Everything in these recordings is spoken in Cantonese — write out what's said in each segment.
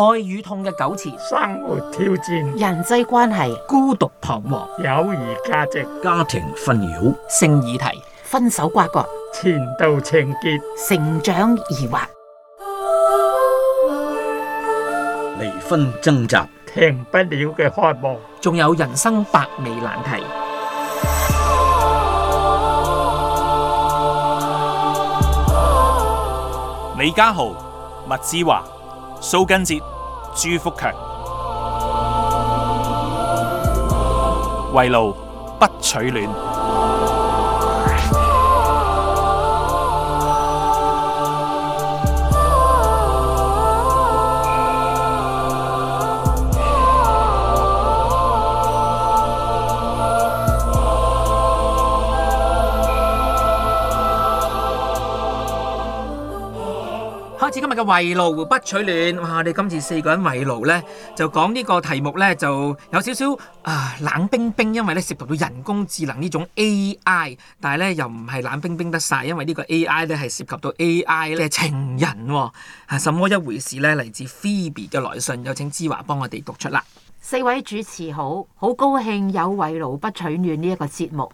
愛與痛嘅糾纏，生活挑戰，人際關係，孤獨彷徨，友誼價值，家庭紛擾，性議題，分手瓜葛，前度情結，成長疑惑，離婚掙扎，停不了嘅渴望，仲有人生百味難題。李嘉豪，麥之華。蘇根哲，朱福強，圍爐不取暖。至今日嘅圍爐不取暖，哇，我哋今次四個人圍爐呢，就講呢個題目呢就有少少啊冷冰冰，因為呢涉及到人工智能呢種 AI，但係呢又唔係冷冰冰得晒，因為呢個 AI 呢係涉及到 AI 嘅情人，哦，係什麼一回事呢？嚟自 Phoebe 嘅來信，有請芝華幫我哋讀出啦。四位主持好，好好高興有圍爐不取暖呢一個節目，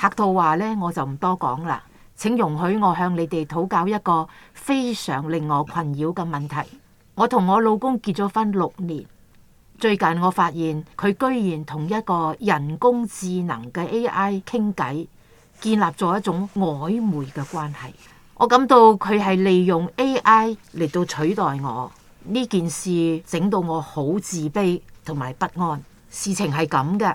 客套話呢，我就唔多講啦。請容許我向你哋討教一個非常令我困擾嘅問題。我同我老公結咗婚六年，最近我發現佢居然同一個人工智能嘅 AI 傾偈，建立咗一種曖昧嘅關係。我感到佢係利用 AI 嚟到取代我呢件事，整到我好自卑同埋不安。事情係咁嘅，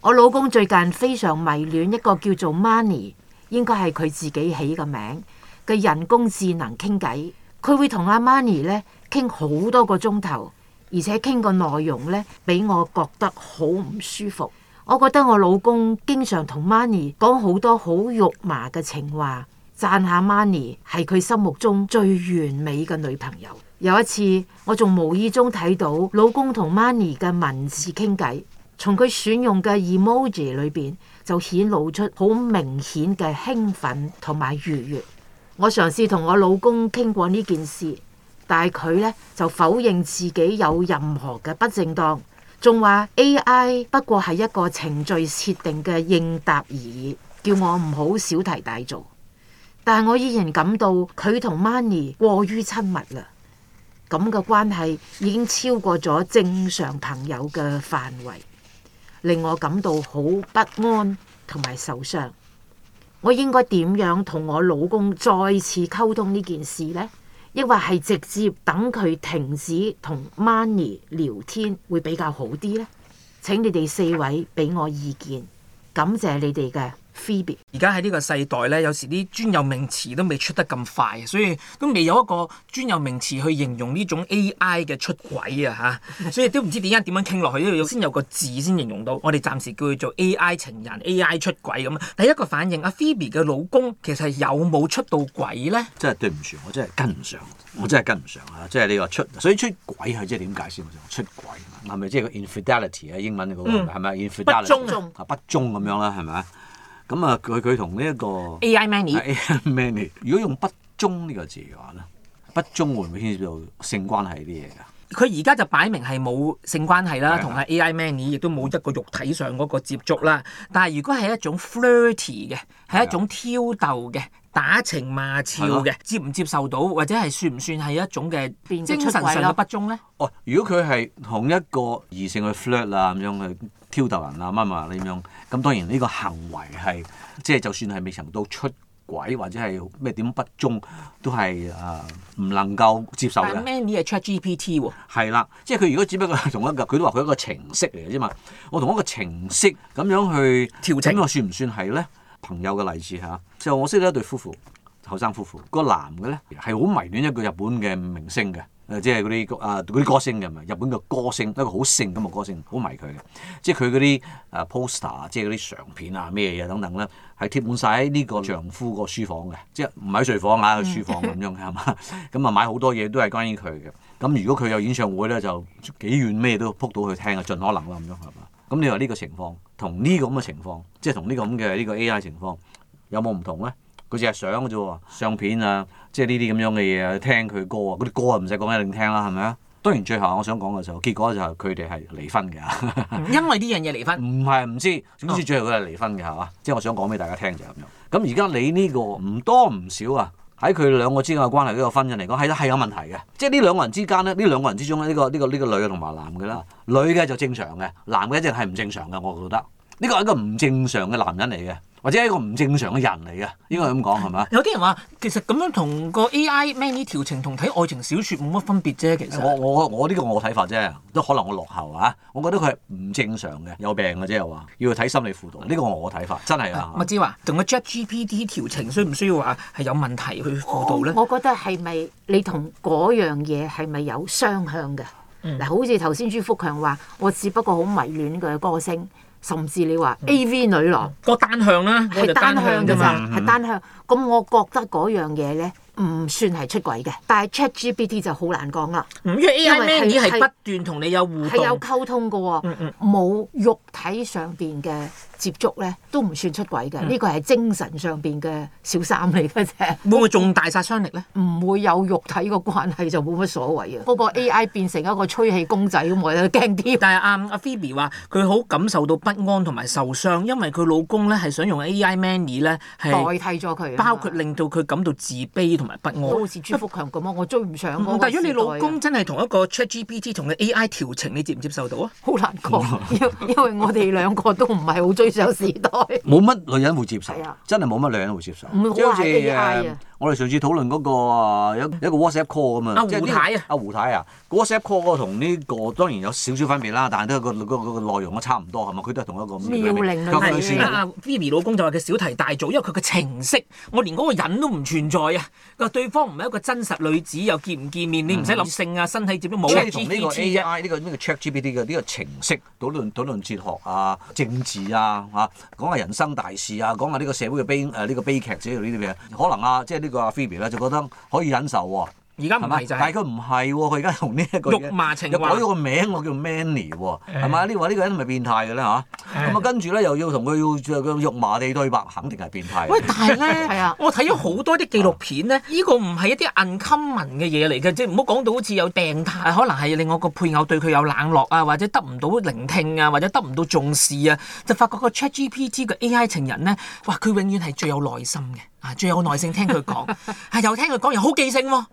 我老公最近非常迷戀一個叫做 Mani。應該係佢自己起個名嘅人工智能傾偈，佢會同阿 Mani 咧，傾好多個鐘頭，而且傾個內容咧，俾我覺得好唔舒服。我覺得我老公經常同 Mani 講好多好肉麻嘅情話，讚下 Mani 係佢心目中最完美嘅女朋友。有一次我仲無意中睇到老公同 Mani 嘅文字傾偈，從佢選用嘅 emoji 裏邊。就顯露出好明顯嘅興奮同埋愉悅。我嘗試同我老公傾過呢件事，但係佢呢就否認自己有任何嘅不正當，仲話 AI 不過係一個程序設定嘅應答而已，叫我唔好小題大做。但係我依然感到佢同 Mani 過於親密啦，咁嘅關係已經超過咗正常朋友嘅範圍。令我感到好不安同埋受傷，我應該點樣同我老公再次溝通呢件事呢？抑或係直接等佢停止同 Mani 聊天會比較好啲呢？請你哋四位俾我意見，感謝你哋嘅。Phoebe，而家喺呢個世代咧，有時啲專有名詞都未出得咁快，所以都未有一個專有名詞去形容呢種 AI 嘅出軌啊嚇， 所以都唔知點解點樣傾落去，要先有個字先形容到。我哋暫時叫佢做 AI 情人、AI 出軌咁。第一個反應，阿、啊、Phoebe 嘅老公其實有冇出到軌咧？真係對唔住，我真係跟唔上，我真係跟唔上啊！即係你話出，所以出軌係即係點解先？我想出軌係咪即係個 infidelity 啊？是是是 infidelity, 英文嗰個係咪 infidelity 啊？嗯、是不忠咁樣啦，係咪啊？咁、這個、M 啊，佢佢同呢一個 AI Mani，如果用不忠呢個字嘅話咧，不忠會唔會牽涉到性關係啲嘢噶？佢而家就擺明係冇性關係啦，同阿的 AI Mani 亦都冇一個肉體上嗰個接觸啦。但係如果係一種 flirty 嘅，係一種挑逗嘅、的打情罵俏嘅，的接唔接受到，或者係算唔算係一種嘅精神上嘅不忠咧？哦，如果佢係同一個異性去 flirt 啊咁樣去。挑逗人啊，乜乜咁樣，咁當然呢個行為係即係就算係未曾到出軌或者係咩點不忠，都係啊唔能夠接受嘅。Mani 係 ChatGPT 喎、哦。係啦，即係佢如果只不過係同一個，佢都話佢一個程式嚟嘅啫嘛。我同一個程式咁樣去調整，我情算唔算係咧朋友嘅例子吓？就我識得一對夫婦，後生夫婦，嗰個男嘅咧係好迷戀一個日本嘅明星嘅。即係嗰啲歌啊，啲歌星㗎嘛，日本嘅歌星，一個好性感嘅歌星，好迷佢嘅。即係佢嗰啲誒 poster，即係嗰啲相片啊，咩嘢等等咧，係貼滿晒喺呢個丈夫個書房嘅，即係唔喺睡房啊，喺書房咁樣嘅係嘛。咁啊 買好多嘢都係關於佢嘅。咁如果佢有演唱會咧，就幾遠咩都撲到去聽啊，盡可能啦咁樣係嘛。咁你話呢個情況同呢個咁嘅情況，即係同呢個咁嘅呢個 AI 情況有冇唔同咧？佢就係相嘅啫喎，相片啊，即係呢啲咁樣嘅嘢啊，聽佢歌啊，嗰啲歌啊唔使講俾你聽啦，係咪啊？當然最後我想講嘅就，結果就係佢哋係離婚嘅， 因為呢樣嘢離婚唔係唔知，總之最後佢係離婚嘅係嘛？即係我想講俾大家聽就係咁樣。咁而家你呢、呢個唔多唔少啊，喺佢兩個之間嘅關係呢個婚姻嚟講係係有問題嘅。即係呢兩個人之間咧，呢兩個人之中咧呢、呢個呢、呢個呢、呢個呢個女嘅同埋男嘅啦，女嘅就正常嘅，男嘅一直係唔正常嘅，我覺得呢、呢個係一個唔正常嘅男人嚟嘅。或者係一個唔正常嘅人嚟嘅，應該咁講係嘛？有啲人話其實咁樣同個 AI Mani 調情同睇愛情小説冇乜分別啫。其實我我我呢、這個我睇法啫，都可能我落後啊！我覺得佢係唔正常嘅，有病嘅啫。我話要佢睇心理輔導，呢、嗯、個我睇法真係啊！我知話同個 ChatGPT 調情，需唔需要話係有問題去輔導咧？我覺得係咪你同嗰樣嘢係咪有雙向嘅？嗱、嗯，好似頭先朱福強話，我只不過好迷戀佢嘅歌聲。甚至你話 AV 女郎個、嗯、單向啦，係、嗯、單向㗎咋，係、嗯、單向。咁我覺得嗰樣嘢咧唔算係出軌嘅，但係 ChatGPT 就好難講啦。嗯、因為 AI Mani 已經係不斷同你有互動，係有溝通嘅喎，冇、嗯嗯、肉體上面嘅。接觸咧都唔算出軌嘅，呢、嗯、個係精神上邊嘅小三嚟嘅啫。冇，重大殺傷力咧？唔會有肉體關係對個關係就冇乜所謂啊！嗰 AI 變成一個吹氣公仔咁，我都驚啲。但係阿阿 Phoebe 話佢好感受到不安同埋受傷，因為佢老公咧係想用 AI Mani 咧係代替咗佢，包括令到佢感到自卑同埋不安。好似朱福強咁啊！但我追唔上但，但如果你老公真係同一個 ChatGPT 同你 AI 調情，你接唔接受到啊？好難講，因因為我哋兩個都唔係好追。上時代冇乜女人會接受，啊、真係冇乜女人會接受。即係誒，我哋上次討論嗰、那個啊，有一個 WhatsApp call、啊啊啊、WhatsApp call 咁啊、這個。阿胡太啊，阿胡太啊，WhatsApp call 同呢個當然有少少分別啦，但係、那、都個、那個、那個內容都差唔多，係咪？佢都係同一個咩？張女士 Vinnie 老公就話佢小題大做，因為佢嘅程式，我連嗰個人都唔存在啊！佢話對方唔係一個真實女子，又見唔見面？你唔使立性啊，身體接都冇。可以同呢個 AI 呢、這個呢、這個 ChatGPT 嘅呢個程式討論討論哲學啊、政治啊。啊，講下人生大事啊，講下呢個社會嘅悲誒，呢、啊這個悲劇之類呢啲嘢，可能啊，即係呢個啊，Phoebe 咧就覺得可以忍受喎、啊。而家唔係，但佢唔係喎，佢而家同呢一個，肉麻情話，又改咗個名，我叫 Mani 喎，係嘛，嗯？呢個呢個人咪變態嘅啦吓，咁啊，嗯，跟住咧又要同佢要，要肉麻地對白，肯定係變態。喂，但係咧，我睇咗好多啲紀錄片咧，呢、嗯，個唔係一啲 uncommon 嘅嘢嚟嘅，即係唔好講到好似有病態，可能係另外個配偶對佢有冷落啊，或者得唔到聆聽啊，或者得唔到重視啊，就發覺個 ChatGPT 嘅 AI 情人咧，哇！佢永遠係最有耐心嘅，啊，最有耐性，有耐性聽佢講，係 又聽佢講完，好記性喎。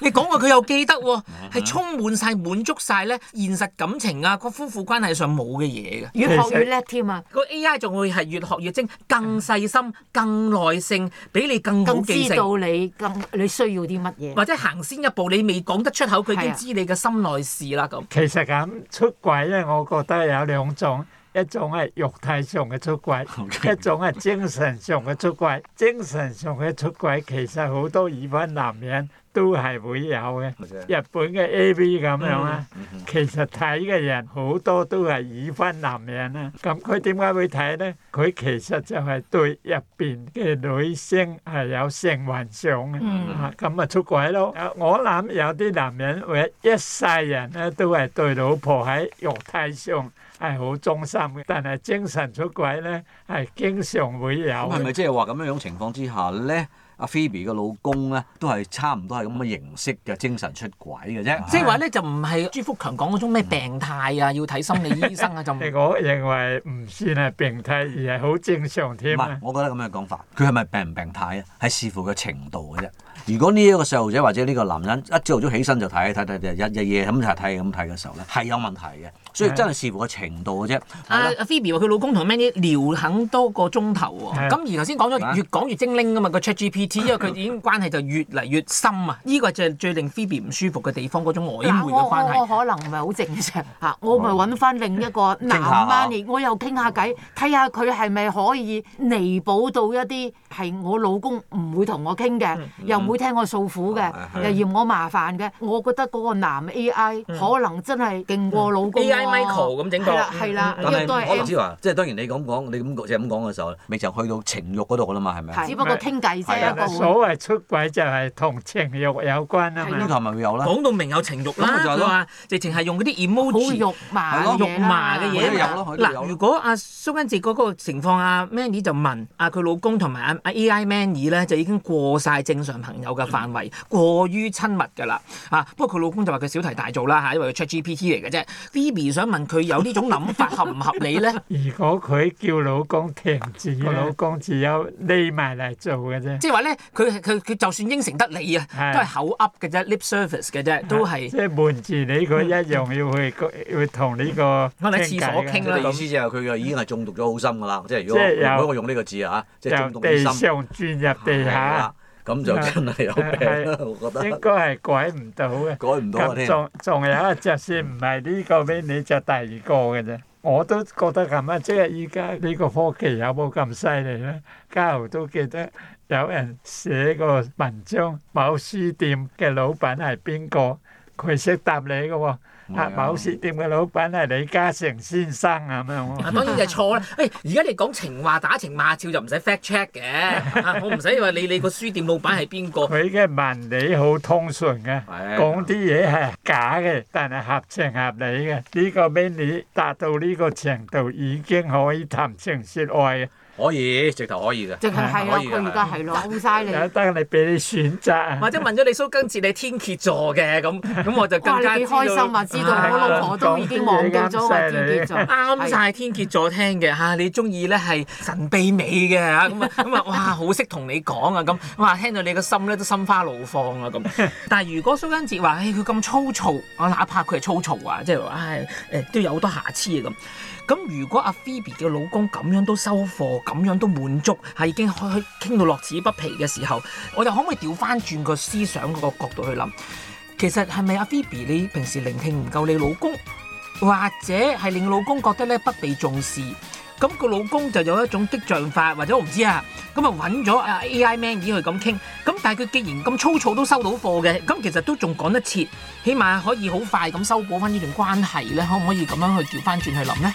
你講過佢又記得喎，係充滿晒、滿足晒咧現實感情啊個夫婦關係上冇嘅嘢嘅，越學越叻添啊！實個 AI 仲會係越學越精，更細心、更耐性，比你更好記性。更知道你更你需要啲乜嘢，或者行先一步，你未講得出口，佢已經知你嘅心內事啦。咁其實咁出軌，因為我覺得有兩種，一種係肉體上嘅出軌， 一種係精神上嘅出軌。精神上嘅出軌其實好多已婚男人。都係會有嘅，日本嘅 AV 咁樣啦。其實睇嘅人好多都係已婚男人啦。咁佢點解會睇咧？佢其實就係對入邊嘅女星係有性幻想嘅，咁咪出軌咯。我諗有啲男人會一世人咧都係對老婆喺肉體上係好忠心嘅，但係精神出軌咧係經常會有。咁係咪即係話咁樣樣情況之下咧？阿 Phoebe 個老公咧，都係差唔多係咁嘅形式嘅精神出軌嘅啫，即係話咧就唔係朱福強講嗰種咩病態啊，嗯、要睇心理醫生啊，就 我認為唔算係病態，而係好正常添。唔係，我覺得咁樣講法，佢係咪病唔病態啊？係視乎個嘅程度嘅啫。如果呢一個細路仔或者呢個男人一朝早起身就睇睇睇，日日夜咁睇咁睇嘅時候咧，係有問題嘅，所以真係視乎個程度嘅啫。阿 Phoebe 話佢老公同 Mani 聊很多個鐘頭喎。咁而頭先講咗越講越精靈㗎嘛，個 ChatGPT 因為佢已經關係就越嚟越深啊。呢個就係最令 Phoebe 唔舒服嘅地方，嗰種曖昧嘅關係。可能唔係好正常嚇，我咪揾翻另一個男 Mani、啊、我又傾下偈，睇下佢係咪可以彌補到一啲係我老公唔會同我傾嘅，又會。聽我訴苦嘅，又嫌我麻煩嘅，我覺得嗰個男 AI 可能真係勁過老公。AI Michael 咁整到。係啦，係啦，亦都係。我唔知話，即係當然你講講，你咁咁講嘅時候，未曾去到情欲嗰度啦嘛，係咪？只不過傾偈啫。所謂出軌就係同情欲有關啊，呢頭咪會有啦。講到明有情慾啦。直情係用嗰啲 emoji。好肉麻嘅嘢啦。嗱，如果阿蘇欣哲嗰個情況，阿 Manny 就問阿佢老公同埋阿阿 AI Manny 咧，就已經過晒正常朋友，有嘅範圍過於親密㗎啦，啊！不過佢老公就話佢小題大做啦嚇，因為佢 ChatGPT 嚟嘅啫。Phoebe 想問佢有呢種諗法合唔合理咧？如果佢叫老公停止，個老公只有匿埋嚟做嘅啫。即係話咧，佢佢佢就算應承得你啊，都係口噏嘅啫，lip service 嘅啫，都係。即係瞞住你，佢一樣要去去同呢個。我喺廁所傾啦。意思就係佢嘅已經係中毒咗好深㗎啦。即係如果如果我用呢個字啊，即係中毒幾深？鑽入地下。咁就真係有病啦！我覺得應該係改唔到嘅。改唔到仲仲有、 這個、一隻先唔係呢個俾你著第二個嘅啫。我都覺得咁啊！即係依家呢個科技有冇咁犀利咧？家豪都記得有人寫過文章，某書店嘅老闆係邊個？佢識答你㗎喎，啊某書店嘅老闆係李嘉誠先生啊，咁樣咯。啊，當然係錯啦！誒、 哎，而家你講情話打情罵俏就唔使 fact check 嘅， 我唔使話你你個書店老闆係邊個。佢嘅 文理好通順嘅，講啲嘢係假嘅，但係合情合理嘅。呢、這個 Mani 達到呢個程度已經可以談情説愛啊！可以，直頭可以嘅。直頭是可以，佢而家係咯，啱曬你。有得你俾你選擇。 或者問咗你蘇根哲，你天蠍座嘅咁，咁我就更加知道 開心啊，啊知道我老婆、啊、都已經忘記咗我天蠍座，啱晒你的 天蠍座聽嘅嚇、啊。你中意咧係神秘美嘅嚇，咁啊咁啊，哇！好識同你講啊咁，哇！聽到你個心咧都心花怒放啊咁。但係如果蘇根哲話，唉、哎，佢咁粗糙。啊」我哪怕佢係粗糙啊，即係話唉誒，都有好多瑕疵啊咁。咁如果阿 Phoebe 嘅老公咁樣都收貨，咁樣都滿足，係已經開傾到樂此不疲嘅時候，我哋可唔可以調翻轉個思想嗰個角度去諗？其實係咪阿 Phoebe 你平時聆聽唔夠你老公，或者係令老公覺得咧不被重視？咁個老公就有一種激將法，或者我唔知啊。咁啊揾咗啊 AI Mani 去咁傾，咁但係佢既然咁粗糙都收到貨嘅，咁其實都仲趕得切，起碼可以好快咁修補翻呢段關係咧。可唔可以咁樣去調翻轉去諗咧？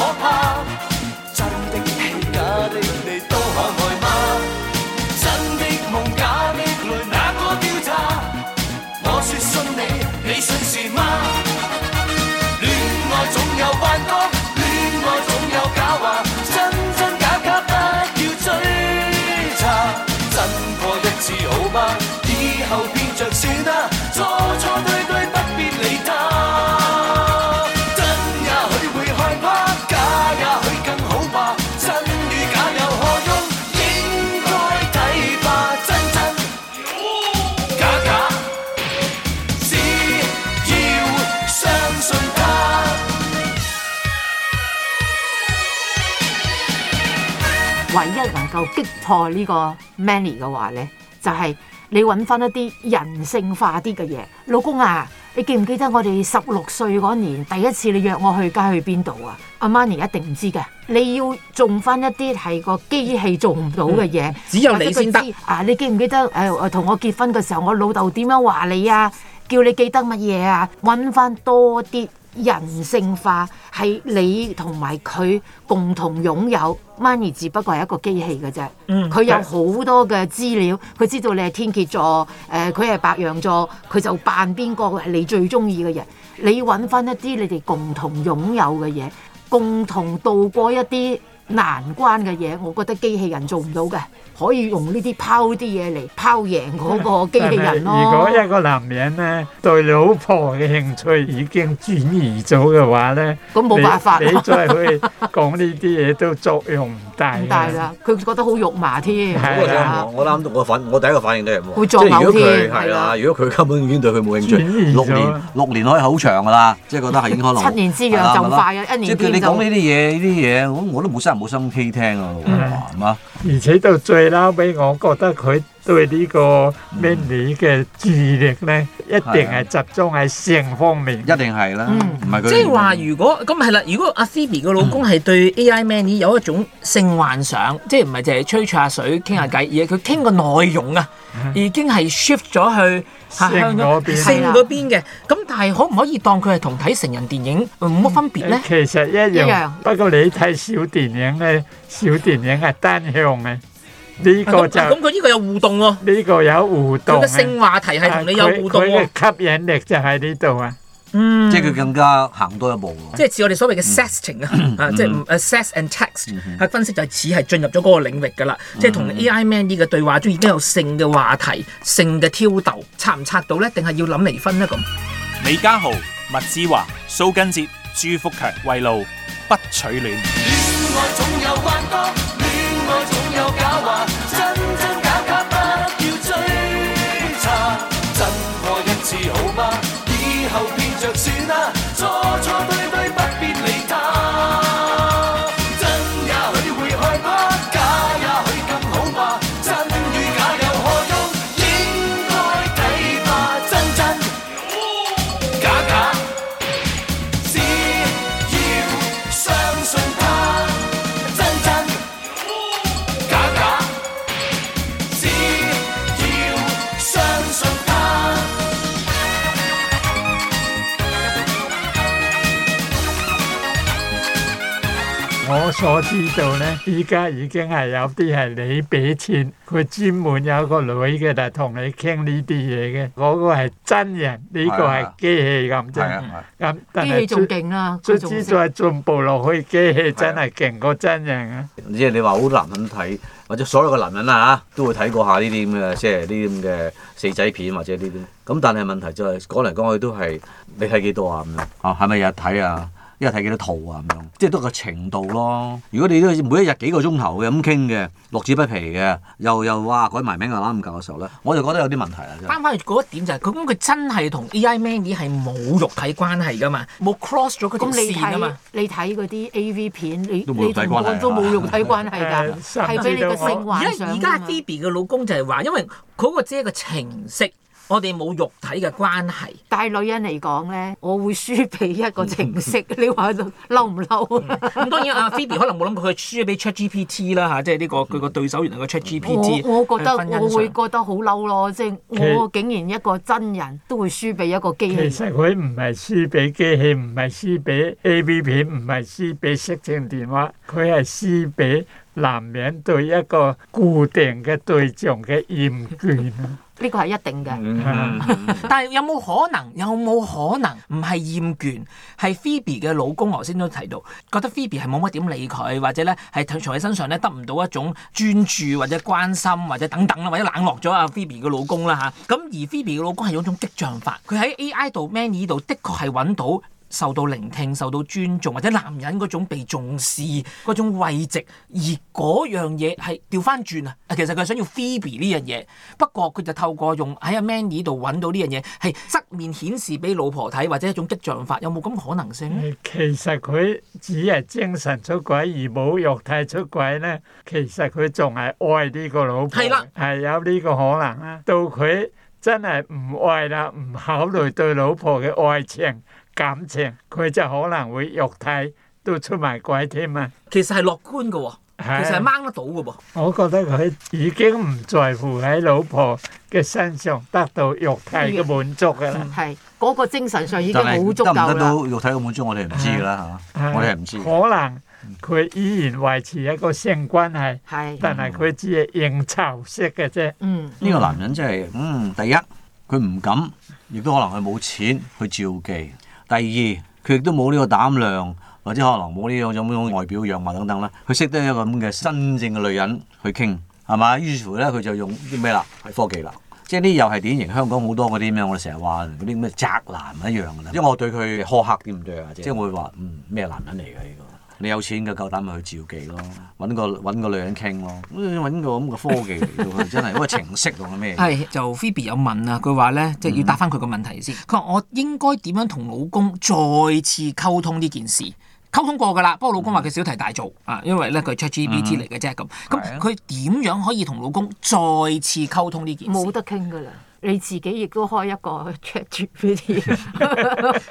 擊破呢個 Mani 嘅話咧，就係、是、你揾翻一啲人性化啲嘅嘢。老公啊，你記唔記得我哋十六歲嗰年第一次你約我去街去邊度啊？阿 Mani 一定唔知嘅。你要做翻一啲係個機器做唔到嘅嘢，嗯，只有你先知。啊，你記唔記得誒，同、啊、我結婚嘅時候，我老豆點樣話你啊？叫你記得乜嘢啊？揾翻多啲。人性化係你同埋佢共同擁有，Mani 只不過係一個機器嘅啫。佢、嗯、有好多嘅資料，佢知道你係天蠍座，誒佢係白羊座，佢就扮邊個係你最中意嘅人。你揾翻一啲你哋共同擁有嘅嘢，共同度過一啲難關嘅嘢，我覺得機器人做唔到嘅，可以用呢啲拋啲嘢嚟拋贏嗰個機器人咯、哦。如果一個男人咧對老婆嘅興趣已經轉移咗嘅話咧，咁冇、嗯嗯、你辦法。 你再去講呢啲嘢都作用。大啦，佢覺得好肉麻添。係啊，我諗我反我第一個反應都係會作嘔添。係啦，如果佢根本已經對佢冇興趣，六年六年可以好長㗎啦，即係覺得係已經可能七年之癢咁快嘅一年見到。即係你講呢啲嘢，呢啲嘢咁我都冇心冇心傾聽啊，係嘛？而且到最嬲，俾我覺得佢。對呢個 Mani 嘅注意力咧，一定係集中喺性方面。一定係啦，唔係佢。即係話如果咁係啦，如果阿 Phoebe 嘅老公係對 AI Mani 有一種性幻想，即係唔係淨係吹吹下水，傾下偈，而係佢傾嘅內容啊，已經係 shift 咗去性嗰邊性嗰邊嘅。咁但係可唔可以當佢係同睇成人電影冇乜分別咧？其實一樣，不過你睇小電影咧，小電影係單向嘅。呢個就咁，佢呢個有互動喎。呢個有互動。有性話題係同你有互動喎。吸引力就喺呢度啊！嗯，即係佢更加行多一步喎。即係似我哋所謂嘅 setting 啊，即係 assess and text 啊，分析就似係進入咗嗰個領域噶啦。即係同 AI man 呢個對話中已經有性嘅話題、性嘅挑逗，插唔插到咧？定係要諗離婚咧咁？李嘉豪、麥志華、蘇根哲、朱福強、圍爐不取暖。愛總有假話，真真假，假假不要追查，真愛一次好。我知道咧，依家已經係有啲係你俾錢，佢專門有一個女嘅嚟同你傾呢啲嘢嘅，嗰、那個係真人，呢是、啊、個係機器咁啫。咁機器仲勁啦，都正在進步落去，機器真係勁過真人啊！即係你話好男人睇，或者所有嘅男人啦、啊、嚇都會睇過下呢啲咁嘅，即係呢啲咁嘅四仔片或者呢啲。咁但係問題就係、是、講嚟講去都係你睇幾多啊？咁樣啊，係咪日日睇啊？一係睇幾多套啊咁樣，即係都係個程度咯。如果你都每一日幾個鐘頭嘅咁傾嘅，樂此不疲嘅，又又哇改埋名又攬唔夠嘅時候咧，我就覺得有啲問題啦。翻返去嗰一點就係、是、佢，咁佢真係同 AI Mani 係冇肉體關係噶嘛，冇 cross 咗嗰條線噶嘛。你睇嗰啲 AV 片，你你同我都冇肉體關係㗎，係喺 甚至 你嘅性幻想啊。而家而家 Phoebe 嘅老公就係話，因為嗰個即係個程式。我哋冇肉體嘅關係。但係女人嚟講咧，我會輸俾一個程式。嗯嗯、你話到嬲唔嬲？咁、嗯、當然啊 Phoebe 可能冇諗過佢輸俾 ChatGPT 啦嚇，即係呢個佢個、嗯、對手原來個 ChatGPT。我覺得我會覺得好嬲咯，即、就、係、是、我竟然一個真人都會輸俾一個機器。其實佢唔係輸俾機器，唔係輸俾 AV 片，唔係輸俾色情電話，佢係輸俾男人對一個固定嘅對象嘅厭倦。 呢個係一定嘅， 但係有冇可能？有冇可能唔係厭倦？係 Phoebe 嘅老公，頭先都提到，覺得 Phoebe 係冇乜點理佢，或者咧係從佢身上咧得唔到一種專注或者關心或者等等啦，或者冷落咗阿 Phoebe 嘅老公啦嚇。咁、啊、而 Phoebe 嘅老公係有一種激將法，佢喺 AI 度 Mani 度，的確係揾到。受到聆聽、受到尊重，或者男人嗰種被重視嗰種慰藉，而嗰樣嘢係調翻轉啊。其實佢係想要 Phoebe 呢樣嘢，不過佢就透過用喺阿 Mani 度揾到呢樣嘢，係側面顯示俾老婆睇，或者一種激將法，有冇咁可能性咧？其實佢只係精神出軌而冇肉體出軌咧，其實佢仲係愛呢個老婆係啦，係的有呢個可能啦。到佢真係唔愛啦，唔考慮對老婆嘅愛情。感情佢就可能會肉體都出埋鬼添啊！其實係樂觀噶，其實係掹得到噶噃。我覺得佢已經唔在乎喺老婆嘅身上得到肉體嘅滿足噶啦。係嗰個精神上已經好足夠啦。得唔得到肉體嘅滿足，我哋唔知噶啦吓，我哋係唔知。可能佢依然維持一個性關係，但係佢只係應酬式嘅啫。嗯，呢個男人真係，嗯，第一佢唔敢，亦都可能佢冇錢去照記。第二，佢亦都冇呢個膽量，或者可能冇呢種咁外表樣貌等等啦。佢識得一個咁嘅真正嘅女人去傾，係嘛？於是乎咧，佢就用啲咩啦？係科技啦，即係呢又係典型香港好多嗰啲咩，我哋成日話嗰啲咩宅男一樣㗎啦。因為、嗯、我對佢苛刻啲唔對啊，即係是我會話嗯咩男人嚟㗎呢個。你有錢嘅夠膽咪去召妓咯，揾個，個女人傾咯，揾個咁嘅科技嚟嘅， 真係嗰個程式同咩？係就 Phoebe 有問啊，佢話咧，即、就、係、是、要答翻佢個問題先。佢話、嗯、我應該點樣同老公再次溝通呢件事？溝通過㗎啦，不過老公話佢小題大做啊，嗯、因為咧佢係 ChatGPT 嚟嘅啫，咁咁佢點樣可以同老公再次溝通呢件事？冇得傾㗎啦。你自己亦都開一個 chat GPT，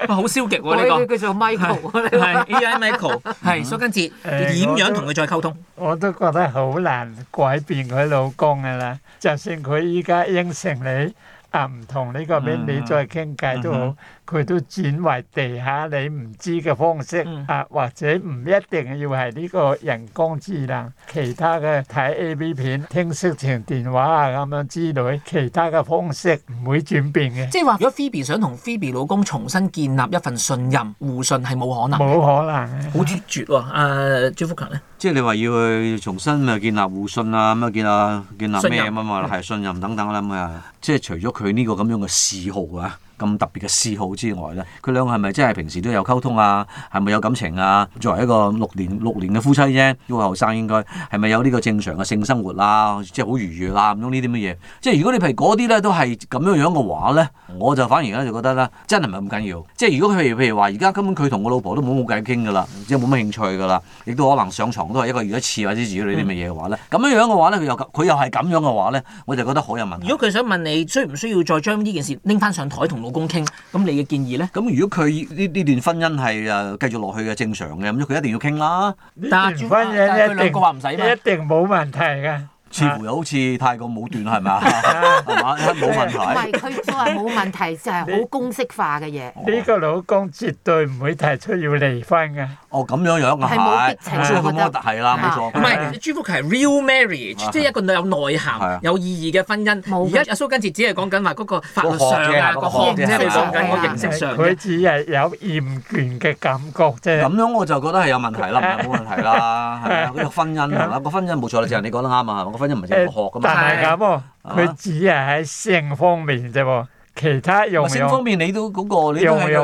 好消極喎、啊，呢、這個叫做 Michael，係 AI Michael，係所以跟住，點樣同佢再溝通、欸我？我都覺得好難改變佢老公噶啦，就算佢依家應承你啊，唔同呢個 Mani 再傾偈都好。佢都轉為地下，你唔知嘅方式啊，嗯、或者唔一定要係呢個人工智能，其他嘅睇 A. B. 片、聽色情電話啊咁樣之類，其他嘅方式唔會轉變嘅。即係話，如果 Phoebe 想同 Phoebe 老公重新建立一份信任互信，係冇可能。冇可能，好絕絕、啊、喎、呃！朱福強咧，即係你話要去重新咪建立互信啊？咁樣建立建立咩啊？嘛，係、嗯、信任等等，我諗啊，即係除咗佢呢個咁樣嘅嗜好啊。咁特別嘅嗜好之外咧，佢兩個係咪真係平時都有溝通啊？係咪有感情啊？作為一個六年六年嘅夫妻啫，呢個後生應該係咪有呢個正常嘅性生活啦、啊？即係好愉悅啦、啊。咁樣呢啲乜嘢？即係如果你譬如嗰啲咧都係咁樣樣嘅話咧，我就反而咧就覺得咧真係唔係咁緊要。即係如果佢譬如譬如話而家根本佢同我老婆都冇冇偈傾噶啦，嗯、即係冇乜興趣噶啦，亦都可能上床都係一個月一次或者至於呢啲乜嘢嘅話咧，咁樣樣嘅話咧，佢又佢又係咁樣嘅話咧，我就覺得好有問題。如果佢想問你需唔需要再將呢件事拎翻上台同公傾，咁你嘅建議咧？咁如果佢呢呢段婚姻係誒繼續落去嘅正常嘅，咁佢一定要傾啦。但係如果，但係佢兩個話唔使咧，一定冇問題嘅。似乎又好似太過武斷係咪？係嘛？冇問題。唔係佢所話冇問題，就係好公式化嘅嘢。呢個老公絕對唔會提出要離婚嘅。哦，咁樣樣啊，係，朱福強係啦，冇錯。唔係朱福強係 real marriage，即係一個有內涵、有意義嘅婚姻。而家阿蘇根治只係講緊話嗰個法律上啊，你咩咩咩形式上，佢只係有厭倦嘅感覺啫。咁樣我就覺得係有問題啦，冇問題啦，係啊，個婚姻啊，個婚姻冇錯啦，正如你講得啱啊，個婚姻唔止學㗎嘛。但係咁啊，佢只係喺性方面啫喎，其他用用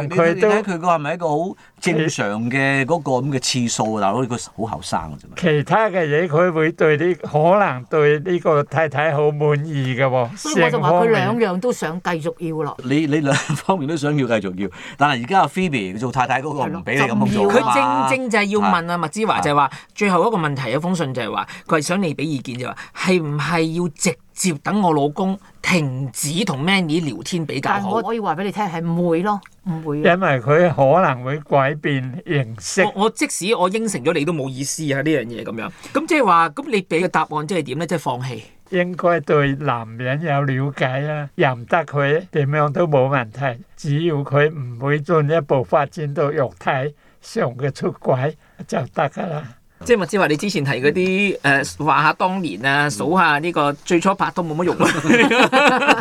佢都。你睇佢個係咪一個好？正常嘅嗰個咁嘅次數，但係我覺得好後生嘅啫。他其他嘅嘢佢會對呢、這個，可能對呢個太太好滿意嘅。所以我就話佢兩樣都想繼續要咯。你你兩方面都想要繼續要，但係而家阿 Phoebe 做太太嗰個唔俾你咁做。佢正正就係要問阿、啊、的麥之華就，就話最後一個問題，一封信就係話佢係想你俾意見，就話係唔係要直接等我老公停止同 Mani 聊天比較好？但我可以話俾你聽，係唔會咯。啊、因為佢可能會改變形式我。我即使我應承咗你都冇意思啊！呢樣嘢咁樣，咁即係話，咁你俾嘅答案即係點咧？即係放棄。應該對男人有了解啦、啊，任得佢點樣都冇問題，只要佢唔會進一步發展到肉體上嘅出軌就得噶啦。即係咪知話你之前提嗰啲誒話下當年啊，數下呢個最初拍都冇乜用啊，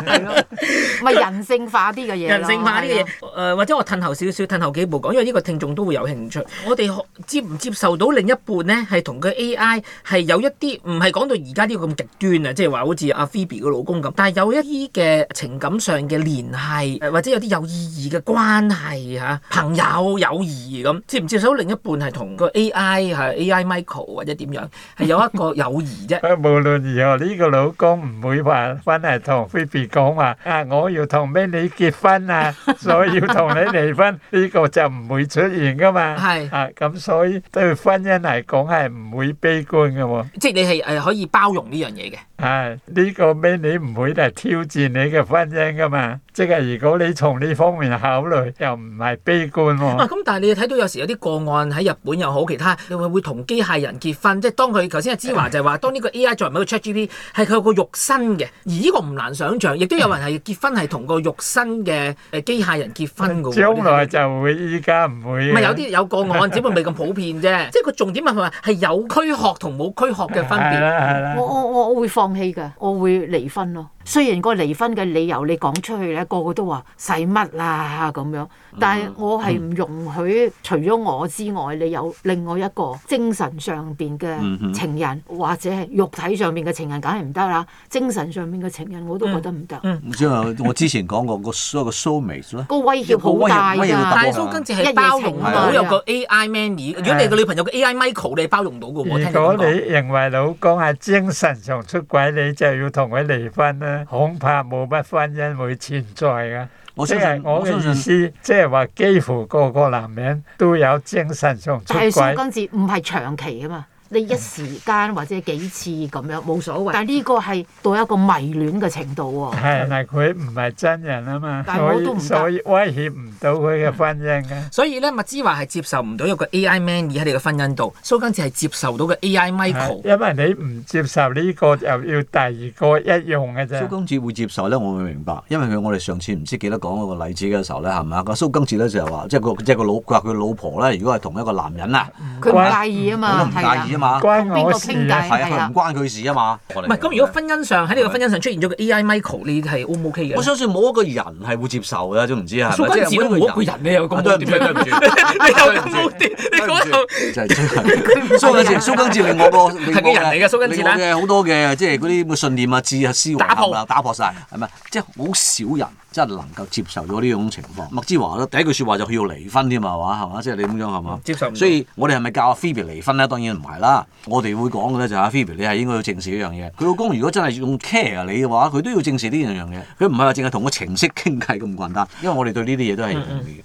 係咪人性化啲嘅嘢，人性化啲嘅嘢。誒了、呃、或者我褪後少少，褪後幾步講，因為呢個聽眾都會有興趣。 我哋接唔接受到另一半呢？係同個 AI 係有一啲唔係講到而家呢個咁極端啊，即係話好似阿 Phoebe 個老公咁，但係有一啲嘅情感上嘅聯繫，或者有啲有意義嘅關係嚇、啊，朋友、友誼咁，接唔接受到另一半係同個 AI 係 AI？AI Michael 或者點樣係有一個友誼啫。無論如何，呢個老公唔會話返嚟同 Phoebe 講話啊，我要同咩你結婚啊，所以要同你離婚，呢個就唔會出現㗎嘛。係啊，咁所以對婚姻嚟講係唔會悲觀嘅喎。即係你係誒可以包容呢樣嘢嘅。係呢個咩？啊，你唔會都係挑戰你嘅婚姻噶嘛？即係如果你從呢方面考慮，又唔係悲觀喎。咁但係你睇到有時有啲個案喺日本又好，其他你會會同機械人結婚，即係當佢頭先阿芝話就係話，當呢個 AI 作為個 ChatGPT，係佢個肉身嘅。而呢個唔難想象，亦都有人係結婚係同個肉身嘅誒機械人結婚噶。將來就會，會，依家唔會。唔係有啲有個案，只會不過未咁普遍啫。即係個重點係咪係有軀殼同冇軀殼嘅分別？係啦，係啦。我我我我會放。放棄㗎，我會離婚咯。雖然個離婚嘅理由你講出去咧，個個都話使乜啦咁樣，但係我係唔容許除咗我之外，你有另外一個精神上邊嘅情人，或者係肉體上邊嘅情人，梗係唔得啦。精神上邊嘅情人我都覺得唔得。唔知我之前講過個所謂 soulmate 啦，個威脅好大啊！但係蘇根子係包容到，好有個 AI Mani，如果你嘅女朋友嘅 AI Michael，你包容到嘅。如果你認為老公係精神上出軌，你就係要同佢離婚啦。恐怕冇乜婚姻會存在噶，即係我嘅意思，即係話幾乎個個男人都有精神上出軌，但係唔係長期噶嘛。你一時間或者幾次咁樣冇所謂，但係呢個係到一個迷戀嘅程度喎。係咪佢唔係真人啊嘛？但係我都唔得，所以威脅唔到佢嘅婚姻㗎。所以咧，麥芝華係接受唔到一個 AI man 而喺你嘅婚姻度，蘇根治係接受到嘅 AI Michael。因為你唔接受呢個又要第二個一樣㗎啫。蘇根治會接受咧，我會明白，因為佢我哋上次唔知記得講嗰個例子嘅時候咧，係咪啊？個蘇根治咧就話，即係個即係個老佢話佢老婆咧，如果係同一個男人啊，佢唔介意啊嘛，係啊。關邊個傾偈係啊？唔關佢事啊嘛。唔係咁，如果婚姻上喺你個婚姻上出現咗個 AI Michael，你係 O 唔 OK 嘅？我相信冇一個人係會接受嘅，都唔知啊。蘇根治，你又講點？你又講點？你講就蘇根治，蘇根治你惡波，係嘅人嚟嘅。蘇根治好多嘅，即係嗰啲信念啊、智啊、思維啊，打破打破曬係咪？即係好少人。真係能夠接受咗呢種情況，麥之華咧第一句説話就佢要離婚添嘛，係嘛係嘛，即係你咁樣係嘛，嗯？接受唔到。所以我哋係咪教阿 Phoebe 離婚咧？當然唔係啦。我哋會講嘅咧就係阿 Phoebe，你係應該要正視呢樣嘢。佢老公如果真係用 care 你嘅話，佢都要正視呢樣樣嘢。佢唔係話淨係同個程式傾偈咁簡單，因為我哋對呢啲嘢都係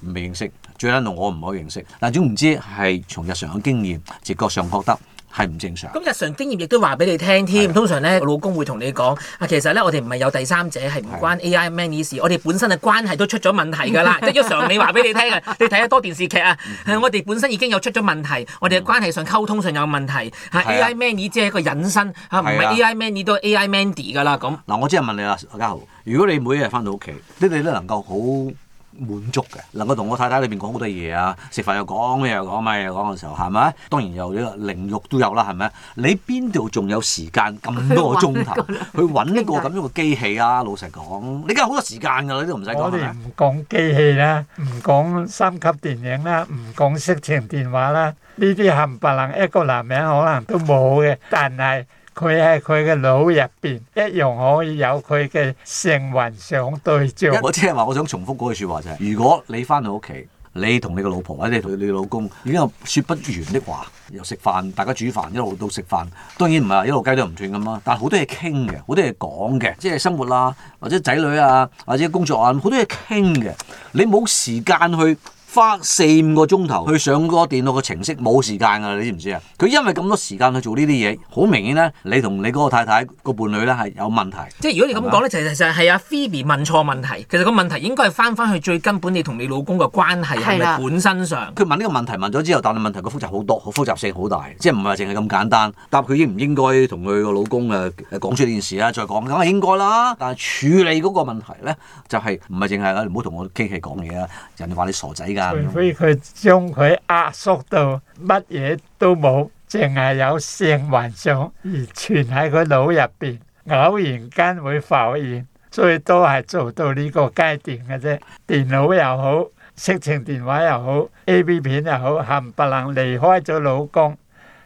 未認識，嗯嗯最緊要我唔可以認識。但總唔知係從日常嘅經驗、直覺上覺得，係唔正常？咁日常經驗亦都話俾你聽添。的通常咧，老公會同你講啊，其實咧，我哋唔係有第三者，係唔關 AI Mani 事。的我哋本身嘅關係都出咗問題㗎啦。即係日常， 你話俾你聽嘅，你睇得多電視劇啊，嗯、哼我哋本身已經有出咗問題，我哋嘅關係上溝通上有問題。係的 AI Mani 只係一個隱身嚇，唔係的 AI Mani 都 AI Mani 㗎啦。咁嗱，我即係問你啦，家豪，如果你每一日翻到屋企，你哋都能夠好，滿足嘅，能夠同我太太裏邊講好多嘢啊，食飯又講，咩又講，咩又講嘅時候，係咪？當然又呢個靈慾都有啦，係咪？你邊度仲有時間咁多個鐘頭去揾呢個咁樣嘅機器啊？老實講，你而家好多時間㗎，你都唔使講。我哋唔講機器啦，唔講三級電影啦，唔講色情電話啦，呢啲冚唪唥。一個男名可能都冇嘅，但係。佢喺佢嘅腦入邊一樣可以有佢嘅成雲上對象。我即係話我想重複嗰句説話就係、是：如果你翻到屋企，你同你嘅老婆或者同你老公已經有説不完的話，又食飯，大家煮飯一路到食飯，當然唔係一路雞都唔斷咁啦。但係好多嘢傾嘅，好多嘢講嘅，即係生活啦，或者仔女啊，或者工作啊，好多嘢傾嘅。你冇時間去。花四五個鐘頭去上個電腦嘅程式，冇時間㗎，你知唔知啊？佢因為咁多時間去做呢啲嘢，好明顯咧，你同你嗰個太太個伴侶咧，係有問題。即係如果你咁講咧，吧其實其實係阿 Phoebe 問錯問題。其實個問題應該係翻翻去最根本，你同你老公嘅關係係咪本身上？佢、啊、問呢個問題問咗之後，但係問題個複雜好多，好複雜性好大，即係唔係淨係咁簡單？答佢應唔應該同佢個老公誒誒講出呢件事咧？再講梗係應該啦。但係處理嗰個問題咧，就係唔係淨係啊？唔好同我傾偈講嘢啊！人哋話人你傻仔㗎。 除非佢將佢壓縮到乜嘢都冇，淨係有性幻想而存喺佢腦入邊，偶然間會浮現，最多係做到呢個階段嘅啫。電腦又好，色情電話又好，AV 片又好，冚唪唥離開咗老公。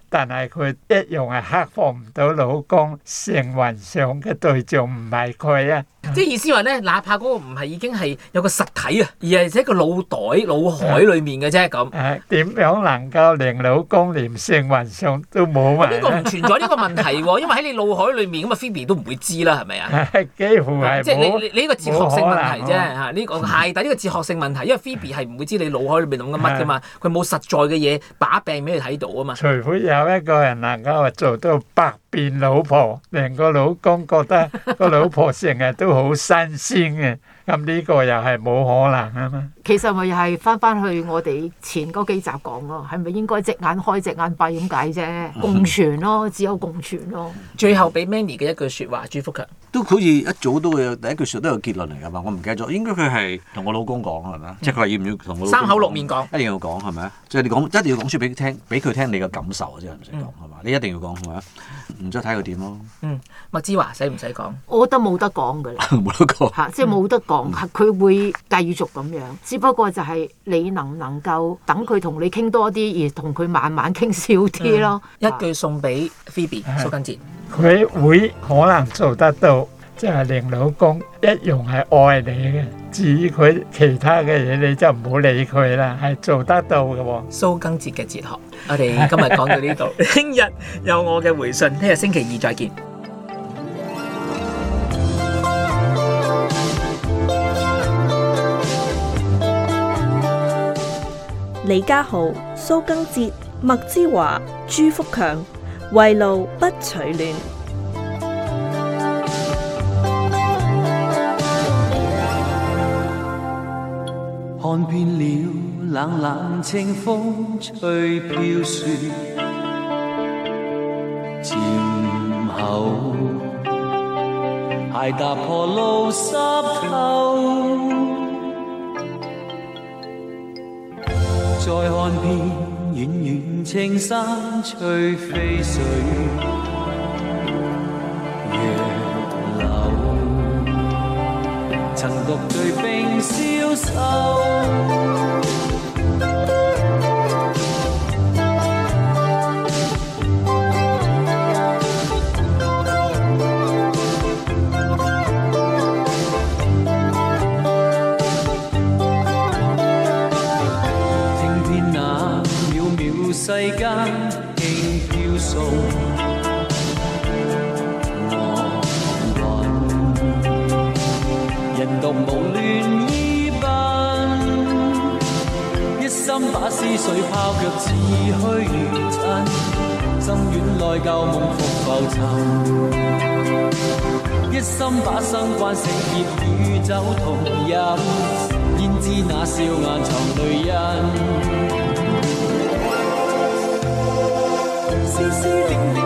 但係佢一樣係克服唔到老公性幻想嘅對象唔係佢啊！即係意思話咧，哪怕嗰個唔係已經係有個實體啊，而係喺個腦袋、腦海裡面嘅啫咁。係點、啊啊、樣能夠令老公連性幻想都冇啊？呢個唔存在呢個問題喎、啊，因為喺你腦海裡面咁啊，Phoebe 都唔會知啦，係咪啊？係 幾乎係即係你你呢個哲學性問題啫嚇，呢、啊這個太但呢個哲學性問題，因為 Phoebe 係唔會知你腦海裡面諗緊乜噶嘛，佢冇實在嘅嘢把柄俾你睇到啊嘛。除非有一個人能夠做到百變老婆，令個老公覺得個老婆成日都好新鮮嘅。咁呢個又係冇可能啊嘛！其實咪又係翻翻去我哋前嗰幾集講咯，係咪應該隻眼開隻眼閉咁解啫？共存咯，只有共存咯。最後俾 Mani 嘅一句説話，朱福強都好似一早都會有第一句説都有結論嚟㗎嘛！我唔記得咗，應該佢係同我老公講係咪啊？即係佢話要唔要同我三口六面講，一定要講係咪啊？即係你講一定要講出俾佢聽，俾佢聽你嘅感受啊！即係唔使講係嘛？你一定要講係咪啊？唔知睇佢點咯。嗯，麥之華使唔使講？我覺得冇得講㗎啦，冇得講嚇，即係冇得講。佢會繼續咁樣，只不過就係你能唔能夠等佢同你傾多啲，而同佢慢慢傾少啲咯。一句送俾 Phoebe 蘇根哲，佢會可能做得到，即係令老公一樣係愛你嘅。至於佢其他嘅嘢，你就唔好理佢啦，係做得到嘅。蘇根哲嘅哲學，我哋今日講到呢度，聽日有我嘅回信，聽日星期二再見。李家豪、蘇更捷、麥之華、朱福強，圍爐不取暖。看遍了冷冷清風，吹飄雪，漸厚，鞋踏破路濕透，再看遍遠遠青山翠飛水，楊柳，曾獨對冰消雪。生關死劫與酒同飲，焉知那笑顏藏淚印？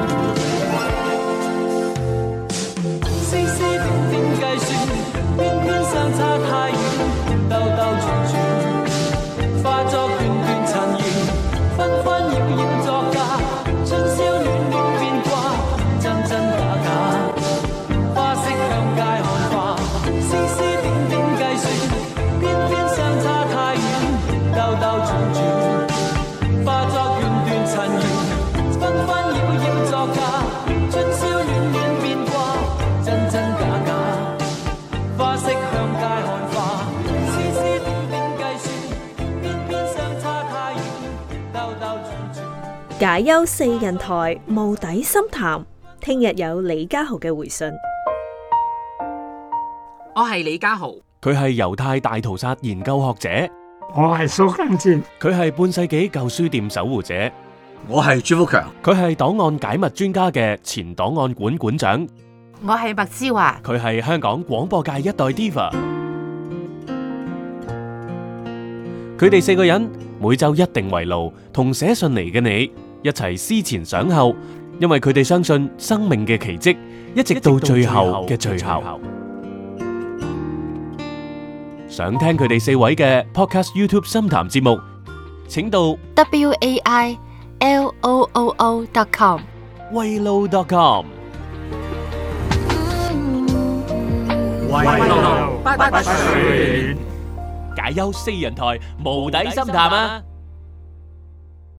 偏偏計算，偏偏相差太遠，兜兜轉轉。解憂四人台，無底深談。聽日有李家豪嘅回信。我係李家豪，佢係猶太大屠殺研究學者。我係蘇賡哲，佢係半世紀舊書店守護者。我係朱福強，佢係檔案解密專家嘅前檔案館館長。我係麥之華，佢係香港廣播界一代 Diva。佢哋四個人每周一定圍爐同寫信嚟嘅你。一齊思前想後，因為佢哋相信生命嘅奇蹟，一直到最後嘅最後。想聽佢哋四位嘅 Podcast YouTube 深談節目，請到 WAILOOO.com。Wayloo.com。Wayloo 不取暖，解憂四人台無底深談啊！